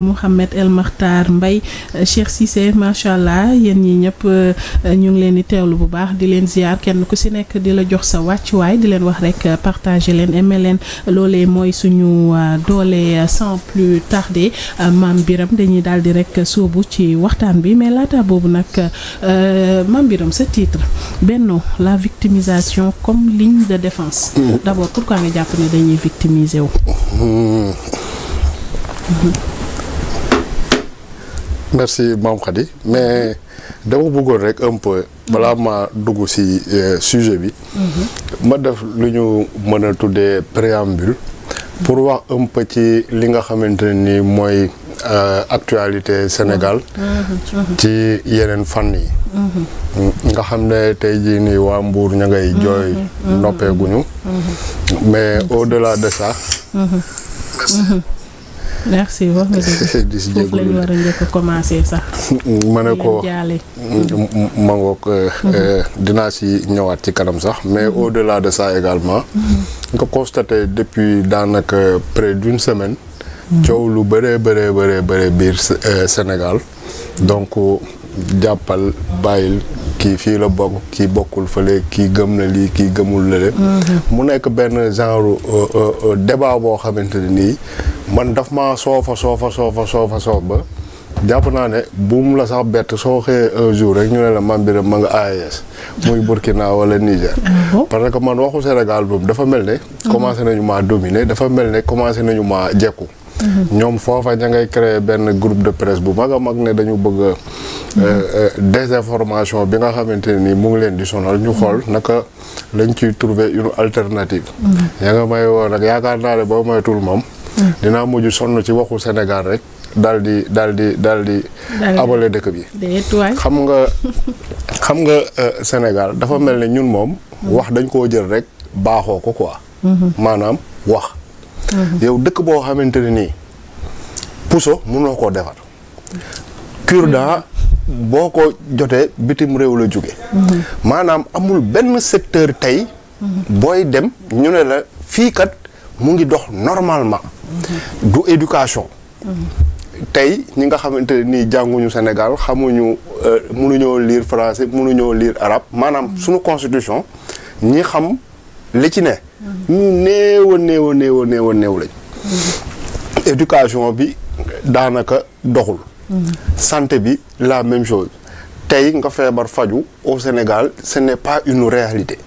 Mouhamed El Makhtar Mbaye euh, Cheikh Cissé macha allah yéen ñi ñëpp euh, ñu ngi leen di teewlu bu baax di leen ziar kenn ku si nekk di la jox sa wàccuwaay di leen wax rek euh, partager leen aimer leen loolee mooy suñu doole sans plus tarder maam Biram dañuy daal di rek sóobu ci waxtaan bi mais laata boobu nag maam Biram sa titre benno la victimisation comme ligne de défense. Mm. d'abord pourquoi nga jàpp ne dañuy victimiser wu. Mm. Mm-hmm. merci maam Khady mais dama bëggoon rek un peu balaa ma dugg ci euh, sujet bi. ma def lu ñu mën a tuddee préambule. pour wax un ci li nga xamante ne ni mooy euh, actualité Sénégal. ci yeneen fan yi. nga xam ne tey jii nii waa Mbour ña ngay jooy. noppeeguñu mais au delà de ça. merci ma ne ko ma ngoog euh, mhm. euh, dinaa si ñëwaat ci kanam sax mais mhm. au delà de ça également. Mhm. nga constaté depuis daanaka près d'une semaine. coow lu bëree bëree bëree bëree biir euh, Sénégal donc jàppal bàyyil kii fii la bokk kii bokkul fële kii gëm na lii kii gëmul la le mhm. mu nekk benn genre euh, euh, euh, débat boo xamante ne nii man daf maa soofa soofa soofa soofa soof ba jàpp naa ne bu la sax bett soo xëyee un jour rek ñu ne la Mame Birame ma nga AES muy Burkina wala Niger mhm. parce que man waxu Sénégal boobu dafa mel ne mhm. commencé nañu maa dominer dafa mel ne commencé nañu maa jekku ñoom foofa ña ngay créer benn groupe de presse bu mag a mag ne dañu bëgg mm-hmm. euh, euh, désinformation bi nga xamante ne nii mu ngi leen di sonal ñu mm-hmm. xool naka lañ ciy trouver une alternative ña mm-hmm. nga may woo nag yaakaar naa ne boo moytul moom dinaa mujj sonn ci waxu Sénégal rek daal di daal di daal di abale dëkk bi xam nga xam nga euh, Sénégal dafa mel ne ñun moom wax dañ koo jël rek baaxoo ko quoi maanaam wax Mm-hmm. yow dëkk boo xamante ne nii puso mënoo koo defar. Kurda mm-hmm. boo ko jotee bitim réew la jóge mm-hmm. maanaam amul benn secteur tey. booy dem ñu ne la fii kat mu ngi dox normalement. du éducation. tey ñi nga xamante ne nii jànguñu Sénégal xamuñu euh, mënuñoo lire français mënuñoo lire arabe maanaam suñu constitution ñi xam li ci ne. ñu néew a néew a néew a néew a néew lañ. éducation bi doxul. santé bi la même chose. tey nga feebar faju au Sénégal ce n'est pas une réalité.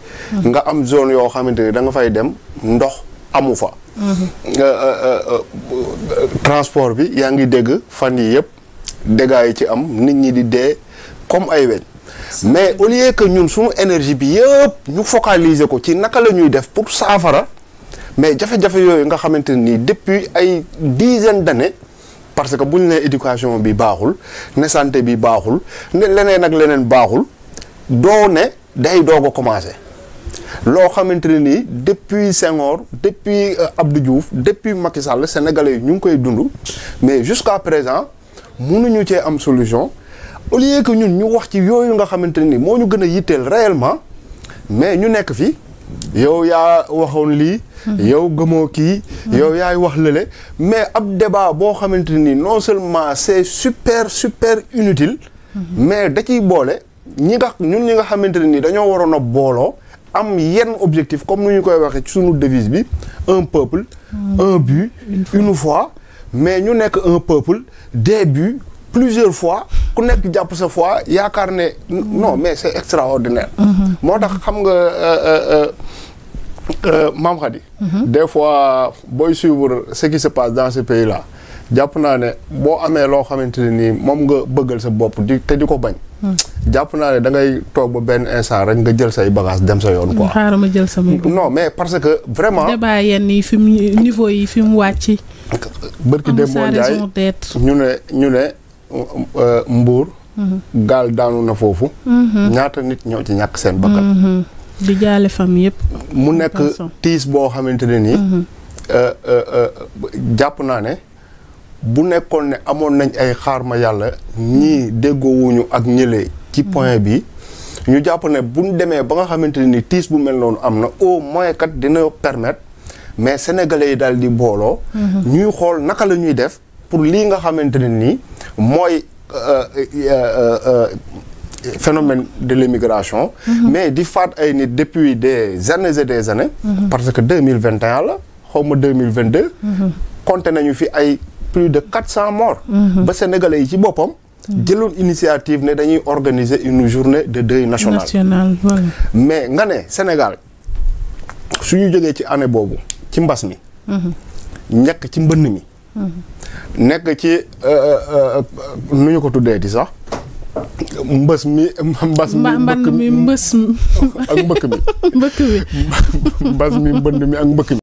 nga am zone yoo xamante ni da fay dem ndox amu fa. Euh, euh, euh, transport bi yaa ngi dégg fan yi yëpp dégâts yi ci am nit ñi di dee comme ay weñ. mais au lieu que ñun suñu énergie bi yëpp ñu focaliser ko ci naka la ñuy def pour saafara mais jafe-jafe yooyu nga xamante nii depuis ay dizaine d'années parce que bu ñu nee éducation bi baaxul ne santé bi baaxul ne leneen ak leneen baaxul doo ne day doo a commencé loo xamante ne nii depuis Senghor depuis euh, Abdou Diouf depuis Macky Sall sénégalais yi ñu ngi koy dund mais jusqu'à présent mënuñu cee am solution au lieu que ñun ñu wax ci yooyu nga xamante ni moo ñu gën a yitteel réellement mais ñu nekk fii yow yaa waxoon lii. Mhm. yow gëmoo kii. Mhm. yow yaay wax lële mais ab débat boo xamante nii non seulement c'est super super inutile. Mhm. mais da ciy boole ñi nga ñun ñi nga xamante ne ni dañoo waroon a booloo am yenn objectif comme nu ñu koy waxee ci sunu devise bi un peuple. un but une fois mais ñu nekk un peuple des buts. plusieurs fois ku nekk jàpp sa fois yaakaar ne non mais c'est extraordinaire. moo tax xam nga. Euh, euh, euh, maam Khady. des fois booy suivre ce qui se passe dans ce pays là jàpp naa ne boo amee loo xamante ne nii moom nga bëggal sa bopp di te di ko bañ. jàpp naa ne dangay ngay toog ba benn instant rek nga jël say bagages dem sa yoon quoi. xaaral ma jël sama non mais parce que vraiment. débat yenn yi fi mu niveau yi fi mu wàcc. bërki démb Ndiaye ñu ne ñu ne. Euh, mbuur gaal daanu na foofu ñaata nit ñoo ci ñàkk seen bakkan di jaale fam yëpp mu nekk tiis boo xamante ne nii mhm. euh, euh, jàpp naa ne bu nekkoon ne amoon nañ ay xaar ma yàlla ñii mhm. déggoowuñu ak ñële ci mhm. point bi ñu jàpp ne buñ demee ba nga xamante ne ni tiis bu mel noonu am na au moins kat dina permettre mais sénégalais yi daal di booloo ñuy xool naka la def pour lii nga xamante nii mooy euh, euh, euh, phénomène de l'immigration mhm. mais di faat ay nit depuis des années des années mhm. parce que deux mille vingt et un la xawma deux mille vingt deux mhm. compté nañu fi ay plus de quatre cent morts ba sénégalais yi ci boppam jëloon initiative ne dañuy organiser une journée de deuil national mais nga ne Sénégal suñu jógee ci année boobu ci mbas mi ñekk ci mbënn mi nekk ci euh, euh, euh, nu ñu ko tuddee di sax mbës mi mbas mi mbëkk mi mbës ak mbëkk mi mbëkk mi mbas mi mbënd mi ak mbëkk mi